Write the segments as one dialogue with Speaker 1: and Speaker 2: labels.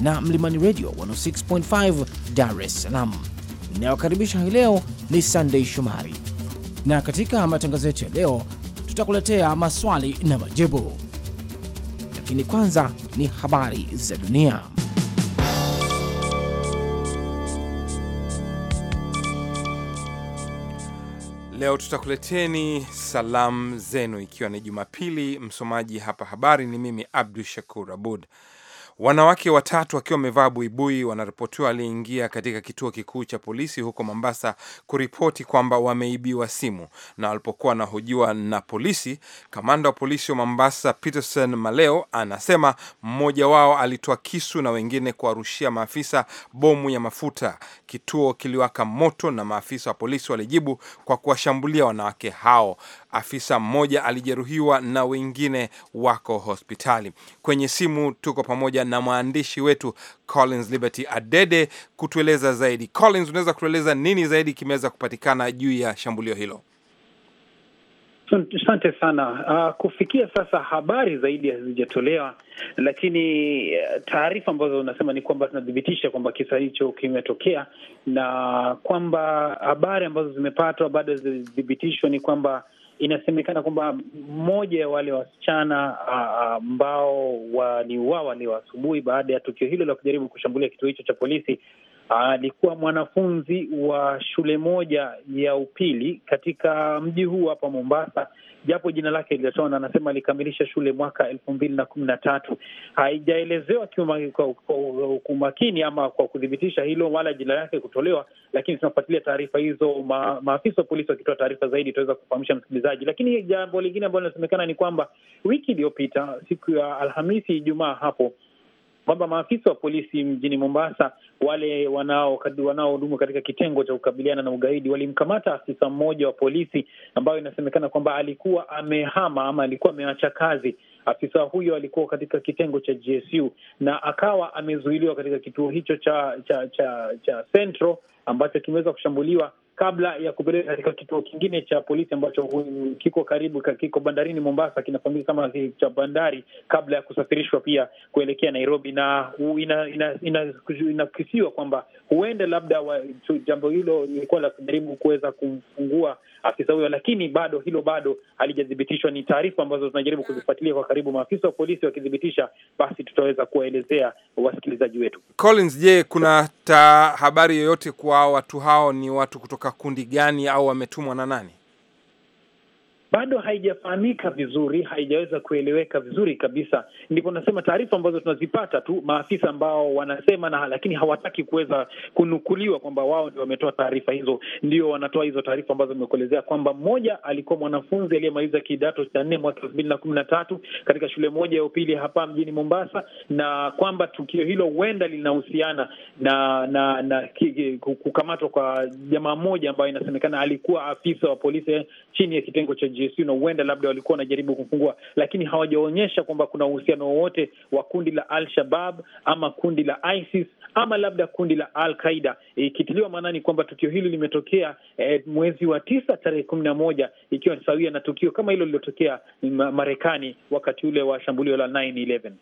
Speaker 1: na Mlimani Radio 106.5 Dar es Salaam. Inayokaribisha hii leo ni Sunday Shumari, na katika matangazo yetu ya leo tutakuletea maswali na majibu, lakini kwanza ni habari za dunia. Leo tutakuleteni salamu zenu, ikiwa ni Jumapili. Msomaji hapa habari ni mimi Abdu Shakur Abud. Wanawake watatu wakiwa wamevaa buibui wanaripotiwa waliingia katika kituo kikuu cha polisi huko Mombasa kuripoti kwamba wameibiwa simu, na walipokuwa wanahojiwa na polisi, kamanda wa polisi wa Mombasa Peterson Maleo anasema mmoja wao alitoa kisu na wengine kuwarushia maafisa bomu ya mafuta. Kituo kiliwaka moto na maafisa wa polisi walijibu kwa kuwashambulia wanawake hao afisa mmoja alijeruhiwa na wengine wako hospitali. Kwenye simu tuko pamoja na mwandishi wetu Collins Liberty Adede kutueleza zaidi. Collins, unaweza kutueleza nini zaidi kimeweza kupatikana juu ya shambulio hilo?
Speaker 2: Asante sana. Uh, kufikia sasa habari zaidi hazijatolewa, lakini eh, taarifa ambazo unasema ni kwamba tunadhibitisha kwamba kisa hicho kimetokea na kwamba habari ambazo zimepatwa bado zilithibitishwa ni kwamba inasemekana kwamba mmoja ya wale wasichana ambao waliuawa leo asubuhi baada ya tukio hilo la kujaribu kushambulia kituo hicho cha polisi Ah, alikuwa mwanafunzi wa shule moja ya upili katika mji huu hapa Mombasa, japo jina lake lilatona, anasema alikamilisha shule mwaka elfu mbili na kumi na tatu. Haijaelezewa kwa umakini ama kwa kuthibitisha hilo wala jina lake kutolewa, lakini tunafuatilia taarifa hizo. Ma, maafisa wa polisi wakitoa taarifa zaidi tutaweza kufahamisha msikilizaji. Lakini jambo lingine ambalo linasemekana ni kwamba wiki iliyopita siku ya Alhamisi, Ijumaa hapo kwamba maafisa wa polisi mjini Mombasa wale wanaohudumu wanao katika kitengo cha kukabiliana na ugaidi walimkamata afisa mmoja wa polisi ambayo inasemekana kwamba alikuwa amehama ama alikuwa ameacha kazi. Afisa huyo alikuwa katika kitengo cha GSU na akawa amezuiliwa katika kituo hicho cha cha cha, cha Central ambacho kimeweza kushambuliwa kabla ya kupeleka katika kituo kingine cha polisi ambacho kiko karibu, kiko bandarini Mombasa, kinafahamika kama cha bandari, kabla ya kusafirishwa pia kuelekea Nairobi. Na inakisiwa ina, ina, ina kwamba huenda labda wa, jambo hilo lilikuwa la kujaribu kuweza kumfungua afisa huyo, lakini bado hilo bado halijathibitishwa. Ni taarifa ambazo zinajaribu kuzifuatilia kwa karibu. Maafisa wa polisi wakithibitisha, basi tutaweza kuwaelezea wasikilizaji wetu.
Speaker 1: Collins, je, kuna ta habari yoyote kwa watu hao ni watu kutoka kutoka kundi gani au wametumwa na nani?
Speaker 2: bado haijafahamika vizuri, haijaweza kueleweka vizuri kabisa. Ndipo nasema taarifa ambazo tunazipata tu maafisa ambao wanasema na, lakini hawataki kuweza kunukuliwa kwamba wao ndio wametoa taarifa hizo, ndio wanatoa hizo taarifa ambazo nimekuelezea kwamba mmoja alikuwa mwanafunzi aliyemaliza kidato cha nne mwaka elfu mbili na kumi na tatu katika shule moja ya upili hapa mjini Mombasa, na kwamba tukio hilo huenda linahusiana na na, na kukamatwa kwa jamaa mmoja ambayo inasemekana alikuwa afisa wa polisi chini ya kitengo cha JSU, na huenda labda walikuwa wanajaribu kufungua lakini hawajaonyesha kwamba kuna uhusiano wowote wa kundi la Al-Shabab ama kundi la ISIS ama labda kundi la Al-Qaida, ikitiliwa maanani kwamba tukio hili limetokea e, mwezi wa tisa tarehe kumi na moja ikiwa ni sawia na tukio kama hilo lililotokea Marekani wakati ule wa shambulio la 9/11.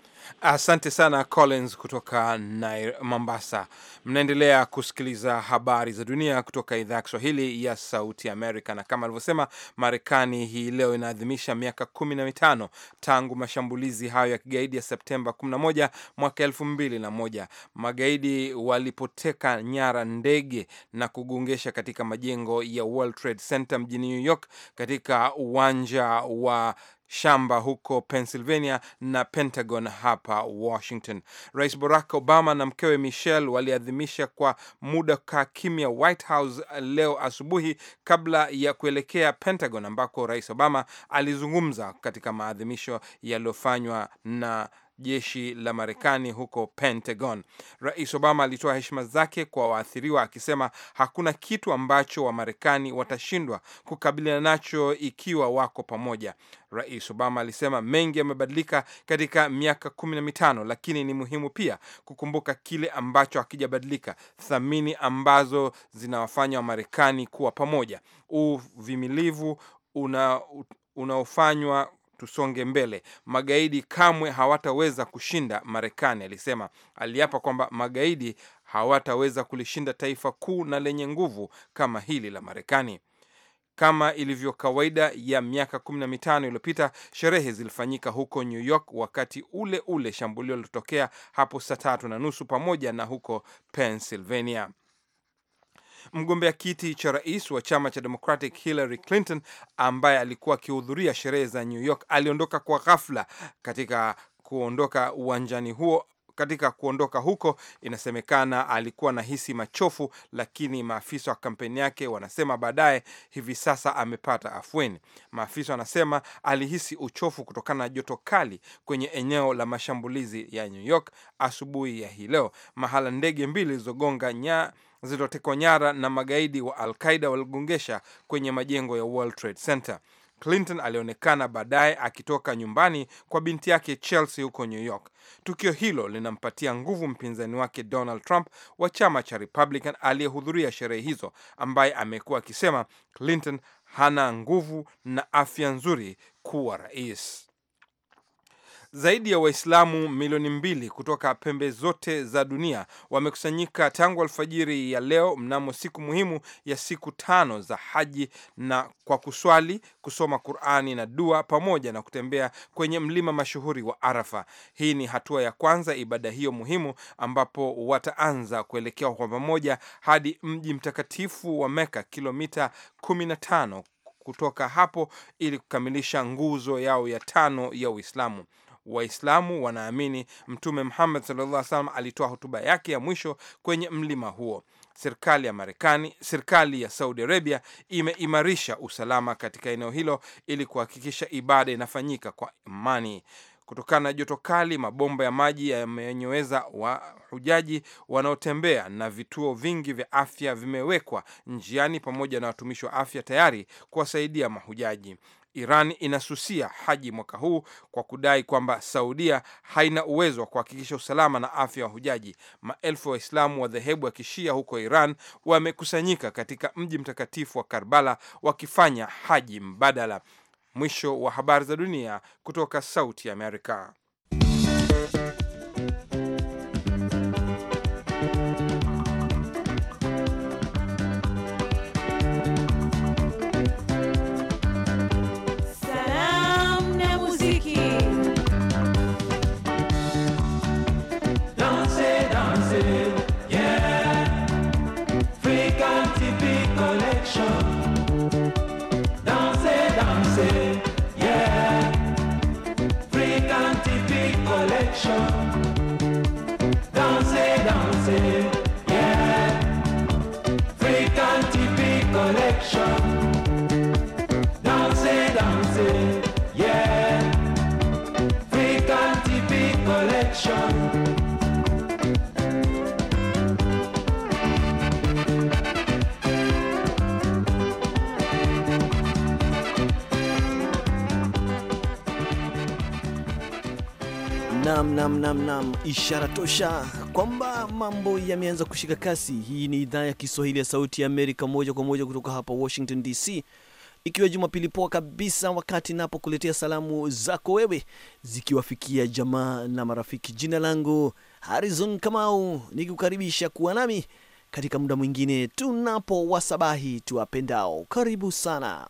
Speaker 1: Asante sana Collins kutoka Nair, Mombasa. Mnaendelea kusikiliza habari za dunia kutoka idhaa ya Kiswahili ya Sauti Amerika, na kama alivyosema Marekani hii leo inaadhimisha miaka kumi na mitano tangu mashambulizi hayo ya kigaidi ya Septemba 11 mwaka elfu mbili na moja. Magaidi walipoteka nyara ndege na kugongesha katika majengo ya World Trade Center mjini New York katika uwanja wa shamba huko Pennsylvania na Pentagon hapa Washington. Rais Barack Obama na mkewe Michelle waliadhimisha kwa muda ka kimya White House leo asubuhi kabla ya kuelekea Pentagon ambako Rais Obama alizungumza katika maadhimisho yaliyofanywa na jeshi la Marekani huko Pentagon. Rais Obama alitoa heshima zake kwa waathiriwa akisema hakuna kitu ambacho Wamarekani watashindwa kukabiliana nacho ikiwa wako pamoja. Rais Obama alisema mengi yamebadilika katika miaka kumi na mitano, lakini ni muhimu pia kukumbuka kile ambacho hakijabadilika, thamani ambazo zinawafanya Wamarekani kuwa pamoja, una unaofanywa tusonge mbele, magaidi kamwe hawataweza kushinda Marekani, alisema. Aliapa kwamba magaidi hawataweza kulishinda taifa kuu na lenye nguvu kama hili la Marekani. Kama ilivyo kawaida ya miaka kumi na mitano iliyopita, sherehe zilifanyika huko New York wakati ule ule shambulio lilotokea hapo saa tatu na nusu pamoja na huko Pennsylvania. Mgombea kiti cha rais wa chama cha Democratic Hillary Clinton ambaye alikuwa akihudhuria sherehe za New York aliondoka kwa ghafla katika kuondoka uwanjani huo katika kuondoka huko, inasemekana alikuwa anahisi machofu, lakini maafisa wa kampeni yake wanasema baadaye hivi sasa amepata afueni. Maafisa wanasema alihisi uchofu kutokana na joto kali kwenye eneo la mashambulizi ya New York asubuhi ya hii leo, mahala ndege mbili zilizogonga zilizotekwa nyara na magaidi wa alqaida waligongesha kwenye majengo ya World Trade Center. Clinton alionekana baadaye akitoka nyumbani kwa binti yake Chelsea huko New York. Tukio hilo linampatia nguvu mpinzani wake Donald Trump wa chama cha Republican aliyehudhuria sherehe hizo, ambaye amekuwa akisema Clinton hana nguvu na afya nzuri kuwa rais. Zaidi ya Waislamu milioni mbili kutoka pembe zote za dunia wamekusanyika tangu alfajiri ya leo mnamo siku muhimu ya siku tano za haji, na kwa kuswali, kusoma Qurani na dua pamoja na kutembea kwenye mlima mashuhuri wa Arafa. Hii ni hatua ya kwanza ibada hiyo muhimu, ambapo wataanza kuelekea kwa pamoja hadi mji mtakatifu wa Meka, kilomita 15 kutoka hapo ili kukamilisha nguzo yao ya tano ya Uislamu. Waislamu wanaamini Mtume Muhammad sallallahu alaihi wasallam alitoa hotuba yake ya mwisho kwenye mlima huo. Serikali ya Marekani, serikali ya Saudi Arabia imeimarisha usalama katika eneo hilo ili kuhakikisha ibada inafanyika kwa amani. Kutokana na joto kali, mabomba ya maji yamenyeweza wahujaji wanaotembea na vituo vingi vya afya vimewekwa njiani pamoja na watumishi wa afya tayari kuwasaidia mahujaji. Iran inasusia haji mwaka huu kwa kudai kwamba Saudia haina uwezo wa kuhakikisha usalama na afya wa hujaji. Maelfu ya Waislamu wa dhehebu ya kishia huko Iran wamekusanyika katika mji mtakatifu wa Karbala wakifanya haji mbadala. Mwisho wa habari za dunia kutoka Sauti ya Amerika.
Speaker 3: nam, nam, nam. Ishara tosha kwamba mambo yameanza kushika kasi. Hii ni idhaa ya Kiswahili ya Sauti ya Amerika, moja kwa moja kutoka hapa Washington DC, ikiwa Jumapili poa kabisa, wakati napokuletea salamu zako wewe zikiwafikia jamaa na marafiki. Jina langu Harrison Kamau, nikikukaribisha kuwa nami katika muda mwingine tunapowasabahi tuwapendao. Karibu sana.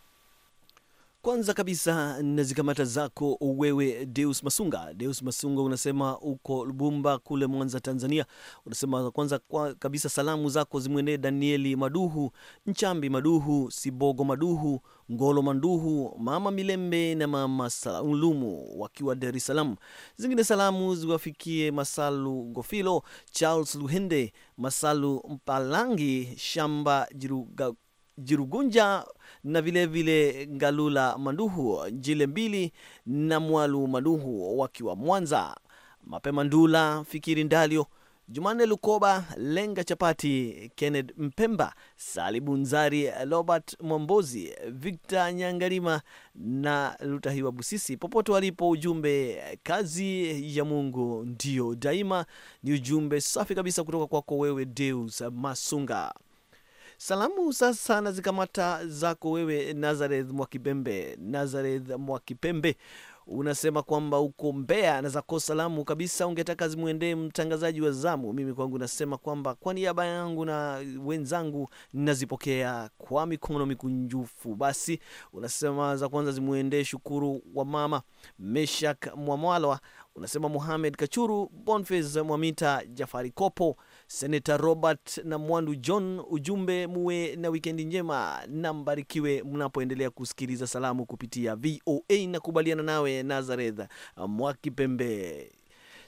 Speaker 3: Kwanza kabisa na zikamata zako wewe, Deus Masunga. Deus Masunga, unasema uko Lubumba kule Mwanza, Tanzania. Unasema kwanza kwa kabisa salamu zako zimwendee Danieli Maduhu, Nchambi Maduhu, Sibogo Maduhu, Ngolo Manduhu, Mama Milembe na Mama salumu wakiwa Dar es Salaam. Zingine salamu ziwafikie Masalu Gofilo, Charles Luhende, Masalu Mpalangi, Shamba Jiruga Jirugunja na vilevile vile Ngalula Manduhu, Jile Mbili na Mwalu Manduhu wakiwa Mwanza, Mapema Ndula, Fikiri Ndalio, Jumanne Lukoba, Lenga Chapati, Kenneth Mpemba, Salibu Nzari, Robert Mwambozi, Victor Nyangarima na Lutahiwa Busisi, popote walipo, ujumbe kazi ya Mungu ndio daima. Ni ujumbe safi kabisa kutoka kwako wewe Deus Masunga. Salamu sasa nazikamata zako wewe, Nazareth Mwakipembe. Nazareth Mwakipembe unasema kwamba uko Mbeya na zako salamu kabisa ungetaka zimwendee mtangazaji wa zamu. Mimi kwangu nasema kwamba kwa niaba yangu na wenzangu nazipokea kwa mikono mikunjufu. Basi unasema za kwanza zimwendee Shukuru wa mama Meshak Mwamwalwa, unasema Muhamed Kachuru, Bonfes Mwamita, Jafari Kopo Senata Robert na Mwandu John, ujumbe muwe na wikendi njema na mbarikiwe mnapoendelea kusikiliza salamu kupitia VOA na kubaliana nawe Nazareth Mwakipembe.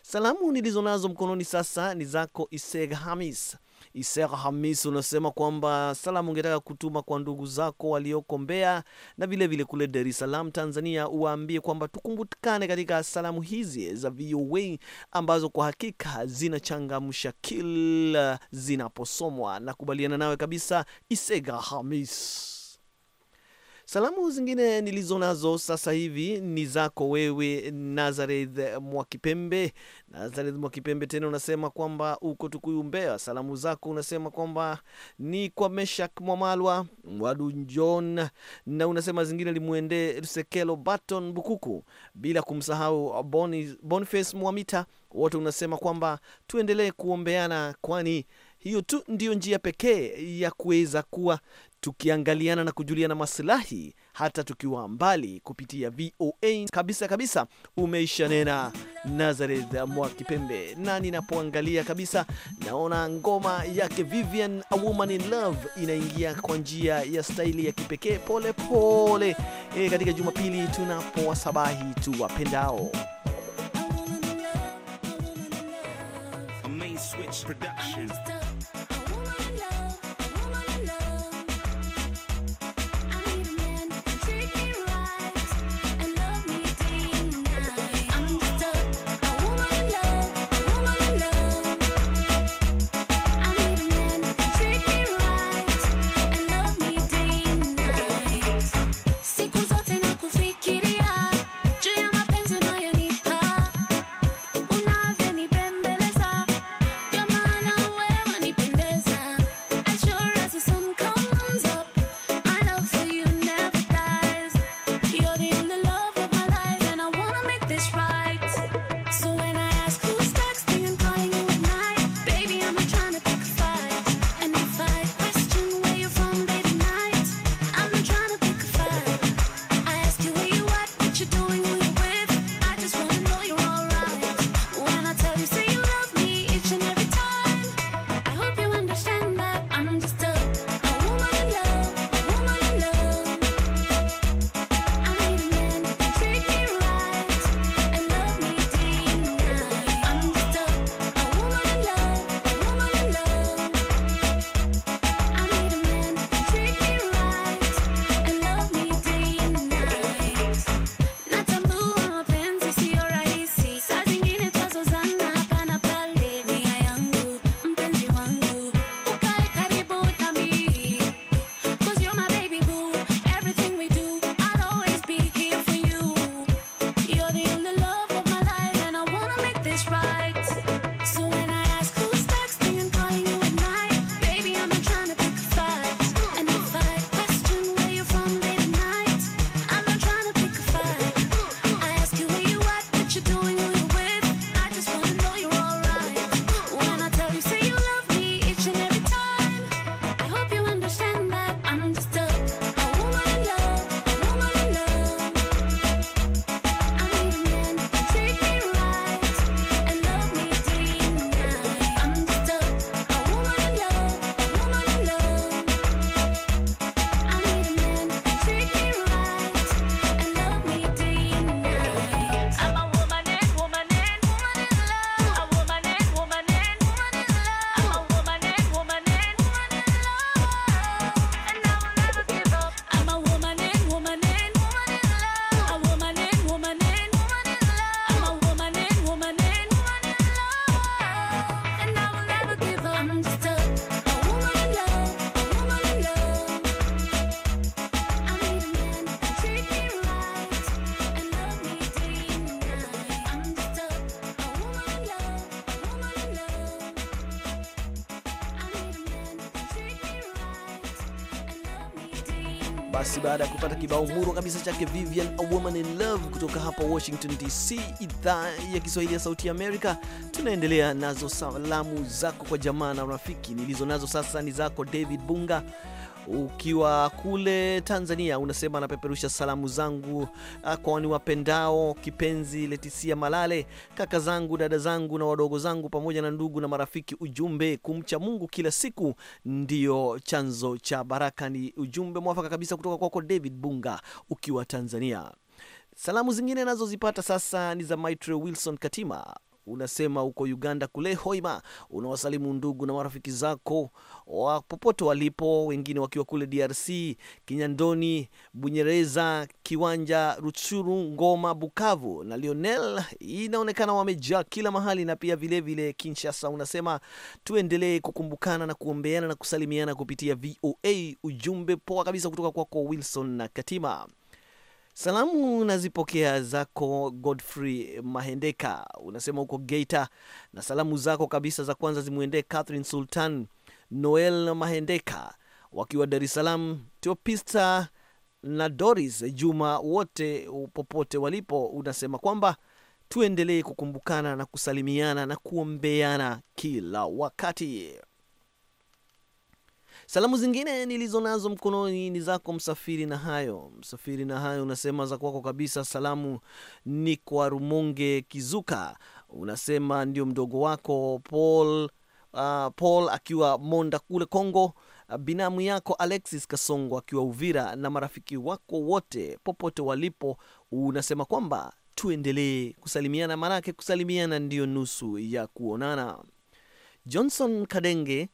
Speaker 3: Salamu nilizo nazo mkononi sasa ni zako Iseg Hamis Isera Hamis unasema kwamba salamu ungetaka kutuma kwa ndugu zako walioko Mbeya na vilevile kule Dar es Salaam, Tanzania, uwaambie kwamba tukumbukane katika salamu hizi za VOA ambazo kwa hakika zinachangamsha kila zinaposomwa. Nakubaliana nawe kabisa, Isega Hamis. Salamu zingine nilizo nazo sasa hivi ni zako wewe Nazareth Mwakipembe. Nazareth Mwakipembe tena unasema kwamba uko Tukuyu, Mbeya. Salamu zako unasema kwamba ni kwa Meshak Mwamalwa Mwadu John, na unasema zingine limwende Sekelo Baton Bukuku, bila kumsahau Boniface Mwamita. Wote unasema kwamba tuendelee kuombeana, kwani hiyo tu ndiyo njia pekee ya kuweza kuwa tukiangaliana na kujuliana maslahi hata tukiwa mbali kupitia VOA kabisa kabisa. Umeisha nena Nazareth mwa Kipembe, na ninapoangalia kabisa naona ngoma yake Vivian A Woman in Love inaingia kwa njia ya staili ya kipekee pole pole. E, katika Jumapili tunapowasabahi tu wapendao Main
Speaker 1: Switch Productions.
Speaker 3: Basi baada ya kupata kibao murwa kabisa chake Vivian A Woman in Love kutoka hapa Washington DC, idhaa ya Kiswahili ya Sauti ya Amerika, tunaendelea nazo salamu zako kwa jamaa na rafiki. Nilizo nazo sasa ni zako David Bunga ukiwa kule Tanzania unasema anapeperusha salamu zangu ah, kwa wapendao kipenzi Letisia Malale, kaka zangu, dada zangu na wadogo zangu, pamoja na ndugu na marafiki. Ujumbe, kumcha Mungu kila siku ndio chanzo cha baraka. Ni ujumbe mwafaka kabisa kutoka kwako David Bunga ukiwa Tanzania. Salamu zingine nazozipata sasa ni za Maitre Wilson Katima unasema uko Uganda kule Hoima, unawasalimu ndugu na marafiki zako wa popote walipo, wengine wakiwa kule DRC, Kinyandoni, Bunyereza, Kiwanja, Ruchuru, Ngoma, Bukavu na Lionel, inaonekana wamejaa kila mahali. Na pia vilevile vile Kinshasa, unasema tuendelee kukumbukana na kuombeana na kusalimiana kupitia VOA. Ujumbe poa kabisa kutoka kwako kwa Wilson na Katima. Salamu nazipokea zako Godfrey Mahendeka, unasema huko Geita, na salamu zako kabisa za kwanza zimwendee Catherine Sultan, Noel Mahendeka wakiwa Dar es Salaam, Teopista na Doris Juma, wote popote walipo, unasema kwamba tuendelee kukumbukana na kusalimiana na kuombeana kila wakati. Salamu zingine nilizo nazo mkononi ni zako msafiri na hayo, msafiri na hayo unasema za kwako kabisa. Salamu ni kwa Rumonge Kizuka, unasema ndio mdogo wako Paul, uh, Paul akiwa Monda kule Kongo, binamu yako Alexis Kasongo akiwa Uvira na marafiki wako wote popote walipo, unasema kwamba tuendelee kusalimiana, maanake kusalimiana ndiyo nusu ya kuonana. Johnson Kadenge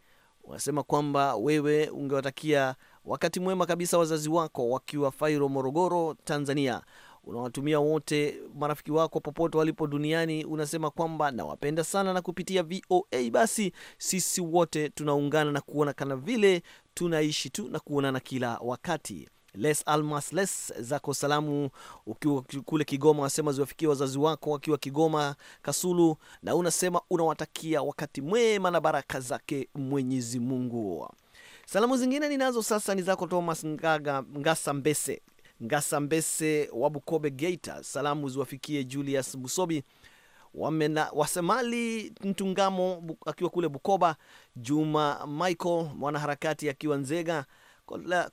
Speaker 3: Wanasema kwamba wewe ungewatakia wakati mwema kabisa wazazi wako wakiwa Fairo, Morogoro, Tanzania. Unawatumia wote marafiki wako popote walipo duniani, unasema kwamba nawapenda sana, na kupitia VOA basi sisi wote tunaungana na kuona kana vile tunaishi tu na kuonana kila wakati. Les Almas Les, zako salamu ukiwa kule Kigoma, unasema ziwafikie wazazi wako wakiwa Kigoma Kasulu, na unasema unawatakia wakati mwema na baraka zake Mwenyezi Mungu. Salamu zingine ninazo sasa ni zako Thomas Ngaga, Ngasa Mbese Ngasa Mbese wa Bukobe Geita, salamu ziwafikie Julius Busobi Wamena, Wasemali Mtungamo akiwa kule Bukoba, Juma Michael mwanaharakati akiwa Nzega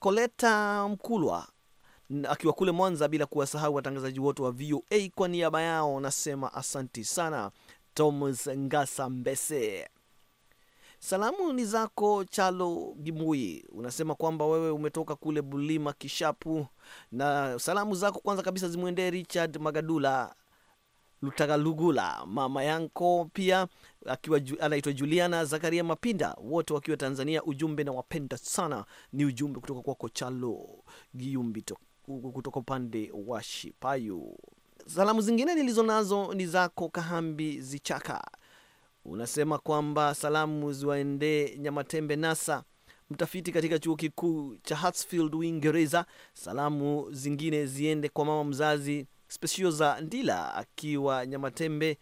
Speaker 3: Koleta Mkulwa akiwa kule Mwanza, bila kuwasahau watangazaji wote wa VOA. Kwa niaba yao nasema asanti sana Thomas Ngasa Mbese. Salamu ni zako Chalo Gimui, unasema kwamba wewe umetoka kule Bulima Kishapu, na salamu zako kwanza kabisa zimwendee Richard Magadula Lutagalugula, mama yanko pia akiwa anaitwa Juliana Zakaria Mapinda, wote wakiwa Tanzania. Ujumbe na wapenda sana, ni ujumbe kutoka kwako Chalo Giumbi kutoka upande wa Shipayu. Salamu zingine nilizo nazo ni zako Kahambi Zichaka, unasema kwamba salamu ziwaendee Nyamatembe Nasa, mtafiti katika chuo kikuu cha Hartsfield Uingereza. Salamu zingine ziende kwa mama mzazi Specioza Ndila akiwa Nyamatembe,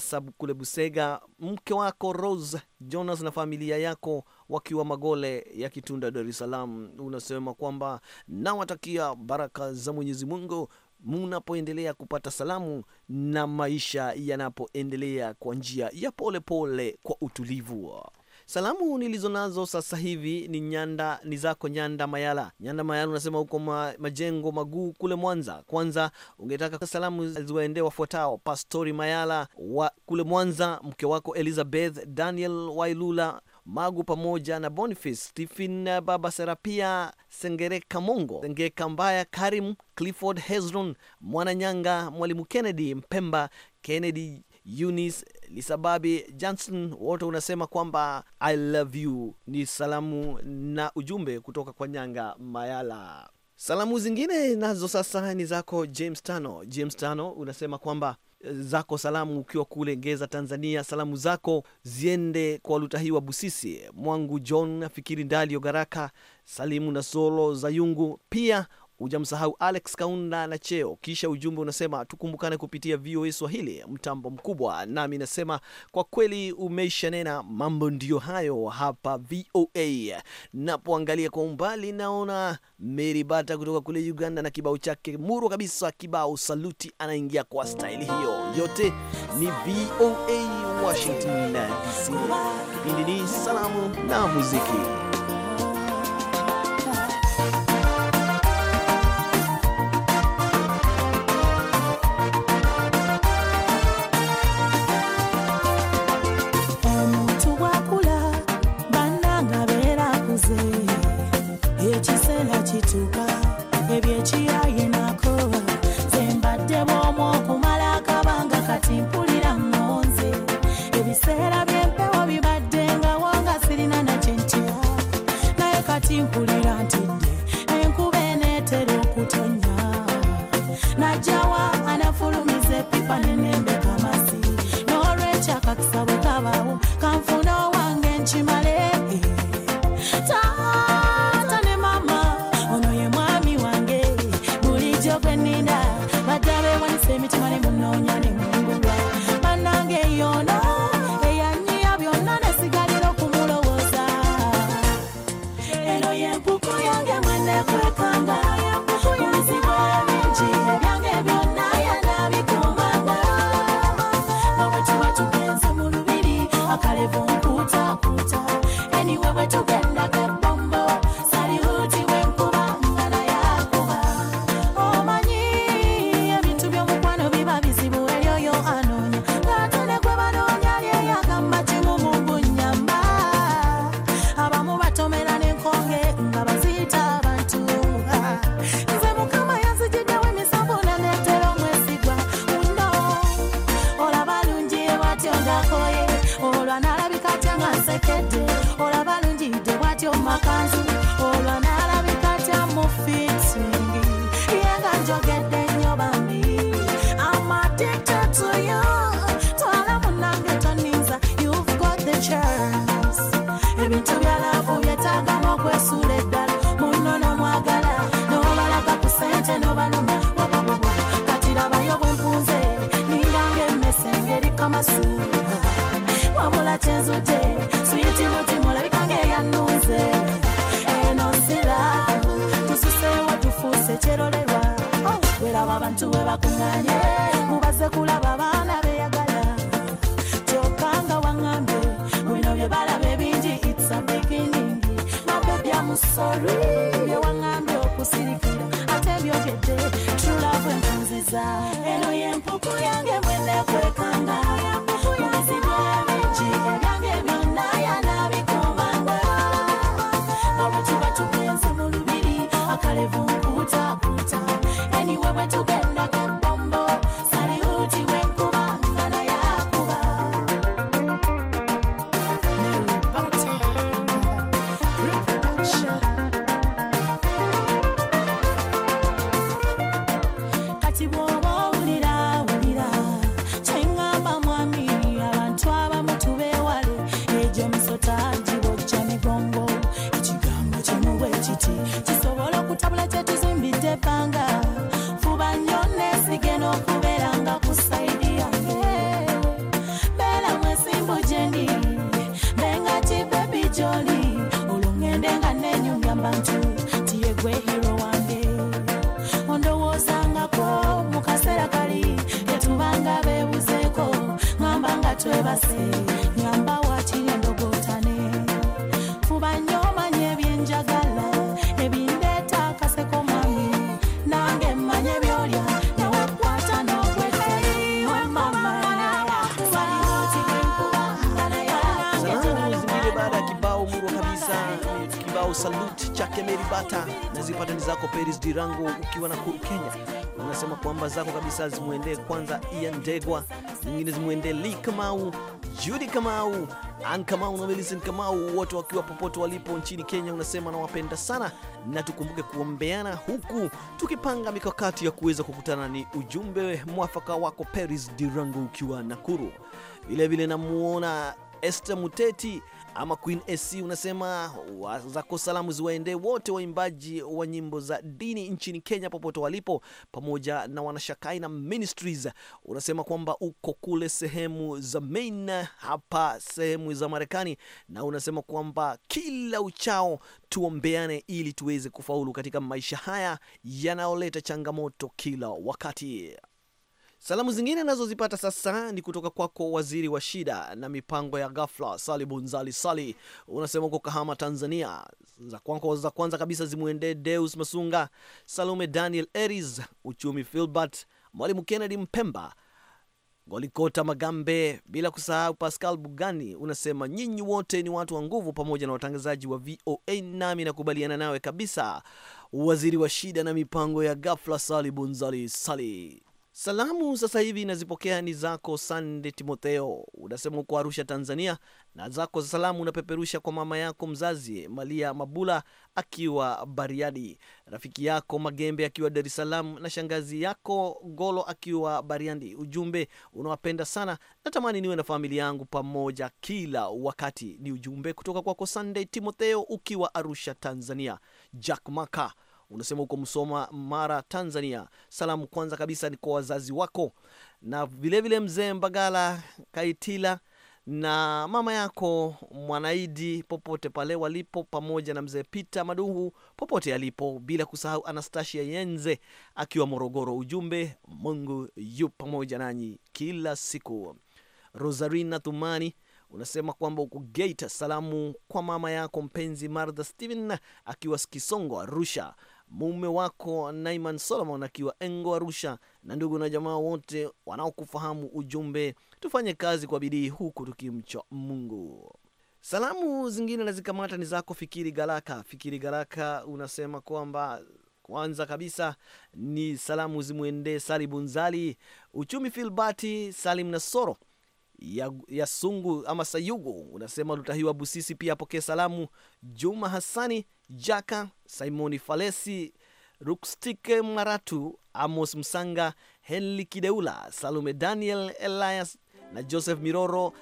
Speaker 3: Sabu kule Busega, mke wako Rose Jonas na familia yako wakiwa Magole ya Kitunda, Dar es Salaam. Unasema kwamba nawatakia baraka za Mwenyezi Mungu munapoendelea kupata salamu na maisha yanapoendelea kwa njia ya polepole pole kwa utulivu. Salamu nilizo nazo sasa hivi ni nyanda ni zako Nyanda Mayala. Nyanda Mayala unasema huko ma, majengo maguu kule Mwanza. Kwanza ungetaka salamu ziwaendee wafuatao: Pastori Mayala wa kule Mwanza, mke wako Elizabeth Daniel Wailula Magu pamoja na Boniface Stephen, baba Serapia Sengereka, Mongo Sengereka Mbaya, Karim Clifford, Hezron Mwananyanga, Mwalimu Kennedy Mpemba, Kennedy Eunice Lisababi Johnson, wote unasema kwamba I love you ni salamu na ujumbe kutoka kwa Nyanga Mayala. Salamu zingine nazo sasa ni zako James Tano. James Tano unasema kwamba zako salamu ukiwa kule Ngeza, Tanzania. Salamu zako ziende kwa Lutahiwa Busisi, Mwangu John, Fikiri Ndali, Ogaraka, Salimu na Solo za Yungu, pia Hujamsahau Alex Kaunda na cheo. Kisha ujumbe unasema tukumbukane kupitia VOA Swahili, mtambo mkubwa. Nami nasema kwa kweli umeisha nena. Mambo ndiyo hayo hapa VOA. Napoangalia kwa umbali, naona Meri Bata kutoka kule Uganda na kibao chake murwa kabisa, kibao saluti, anaingia kwa staili hiyo. Yote ni VOA Washington DC, kipindi ni salamu na muziki. salute chake Meri Bata na ni zako Peris Dirango ukiwa na kuru Kenya, unasema kwamba zako kabisa zimwendee kwanza Ian Ndegwa, zingine zimwendee Lee Kamau, Judy Kamau, Ann Kamau na Melisen Kamau, wote wakiwa popote walipo nchini Kenya. Unasema nawapenda sana na tukumbuke kuombeana huku tukipanga mikakati ya kuweza kukutana. Ni ujumbe mwafaka wako Peris Dirango ukiwa Nakuru. Vilevile namuona Esther Muteti ama Queen AC unasema zako salamu ziwaendee wote waimbaji wa nyimbo za dini nchini Kenya popote walipo, pamoja na wanashakaina Ministries. Unasema kwamba uko kule sehemu za Maine, hapa sehemu za Marekani, na unasema kwamba kila uchao tuombeane ili tuweze kufaulu katika maisha haya yanayoleta changamoto kila wakati. Salamu zingine nazozipata sasa ni kutoka kwako waziri wa shida na mipango ya ghafla Sali Bunzali Sali, unasema uko Kahama, Tanzania. Za kwako za kwanza kabisa zimwendee Deus Masunga, Salome Daniel Eris, uchumi Filbert, mwalimu Kennedy Mpemba, Golikota Magambe, bila kusahau Pascal Bugani. Unasema nyinyi wote ni watu wa nguvu, pamoja na watangazaji wa VOA, nami nakubaliana nawe kabisa, waziri wa shida na mipango ya ghafla Sali Bunzali Sali. Salamu sasa hivi nazipokea ni zako Sande Timotheo, unasema uko Arusha, Tanzania, na zako za salamu unapeperusha kwa mama yako mzazi Malia Mabula akiwa Bariadi, rafiki yako Magembe akiwa Dar es Salaam na shangazi yako Golo akiwa Bariadi. Ujumbe unawapenda sana, natamani niwe na familia yangu pamoja kila wakati. Ni ujumbe kutoka kwako Sande Timotheo ukiwa Arusha, Tanzania. Jack Maka Unasema uko Msoma, Mara, Tanzania. Salamu kwanza kabisa ni kwa wazazi wako na vilevile mzee Mbagala Kaitila na mama yako Mwanaidi popote pale walipo, pamoja na mzee Peter Maduhu popote alipo, bila kusahau Anastasia Yenze akiwa Morogoro. Ujumbe, Mungu yu pamoja nanyi kila siku. Rosarina Thumani unasema kwamba uko Geita. Salamu kwa mama yako mpenzi Martha Steven akiwa Kisongo, Arusha mume wako Naiman Solomon akiwa Engo Arusha, na ndugu na jamaa wote wanaokufahamu. Ujumbe, tufanye kazi kwa bidii huku tukimcha Mungu. Salamu zingine na zikamata ni zako Fikiri Galaka. Fikiri Galaka unasema kwamba kwanza kabisa ni salamu zimwendee Sali Bunzali, Uchumi Filbati, Salim Nasoro ya, ya sungu ama sayugu unasema Lutahiwa Busisi pia apokee salamu. Juma Hassani Jaka, Simoni Falesi, Rukstike Maratu, Amos Msanga, Henli Kideula, Salume Daniel Elias na Joseph Miroro,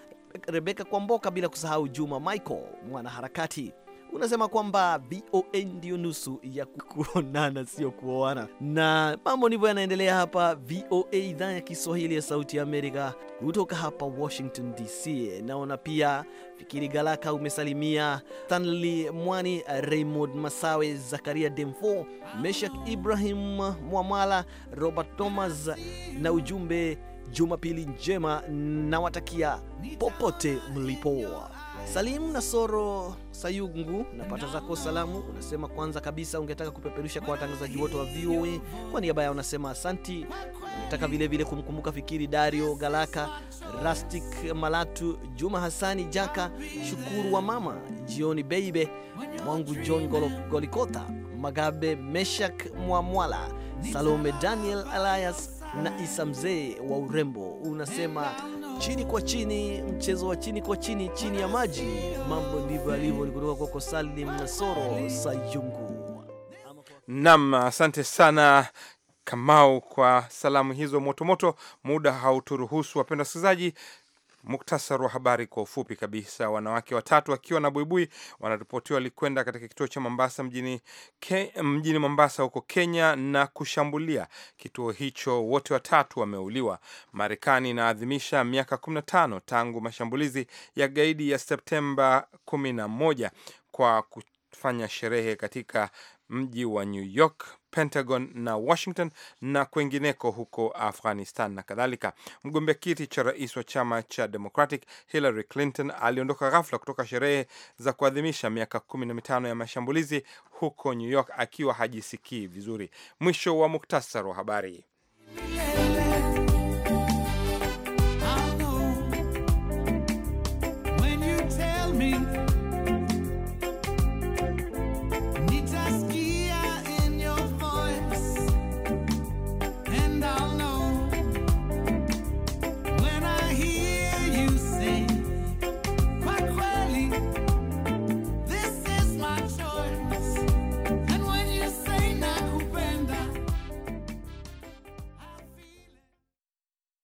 Speaker 3: Rebeka Kwamboka, bila kusahau Juma Michael mwanaharakati unasema kwamba VOA ndio nusu ya kuonana, sio kuoana. Na mambo ndivyo yanaendelea hapa VOA, idhaa ya Kiswahili ya Sauti ya Amerika, kutoka hapa Washington DC. Naona pia Fikiri Galaka umesalimia Stanley Mwani, Raymond Masawe, Zakaria Demfo, Meshak Ibrahim Mwamala, Robert Thomas, na ujumbe Jumapili njema, nawatakia popote mlipo. Salim Nasoro Sayungu, napata zako salamu. Unasema kwanza kabisa ungetaka kupeperusha kwa watangazaji wote wa VOA, kwa niaba yao unasema asanti. Ungetaka vilevile kumkumbuka Fikiri Dario Galaka, Rastik Malatu, Juma Hasani Jaka, Shukuru wa mama Jioni, Beibe Mwangu, John Golikota, Magabe Meshak Mwamwala, Salome Daniel Elias na Isa mzee wa urembo. Unasema chini kwa chini, mchezo wa chini kwa chini, chini ya maji. Mambo ndivyo alivyo. Ni kutoka kwako Salim
Speaker 1: Nasoro Sayungu. Naam, asante sana Kamau kwa salamu hizo motomoto. Muda hauturuhusu, wapenda wasikilizaji, Muktasar wa habari kwa ufupi kabisa. Wanawake watatu wakiwa na buibui wanaripotiwa walikwenda katika kituo cha Mombasa mjini, ke, mjini Mombasa huko Kenya na kushambulia kituo hicho. Wote watatu wameuliwa. Marekani inaadhimisha miaka 15 tangu mashambulizi ya gaidi ya Septemba 11 kwa kufanya sherehe katika mji wa New York, Pentagon na Washington na kwengineko huko Afghanistan na kadhalika. Mgombea kiti cha rais wa chama cha Democratic Hillary Clinton aliondoka ghafla kutoka sherehe za kuadhimisha miaka kumi na mitano ya mashambulizi huko New York akiwa hajisikii vizuri. Mwisho wa muktasar wa habari.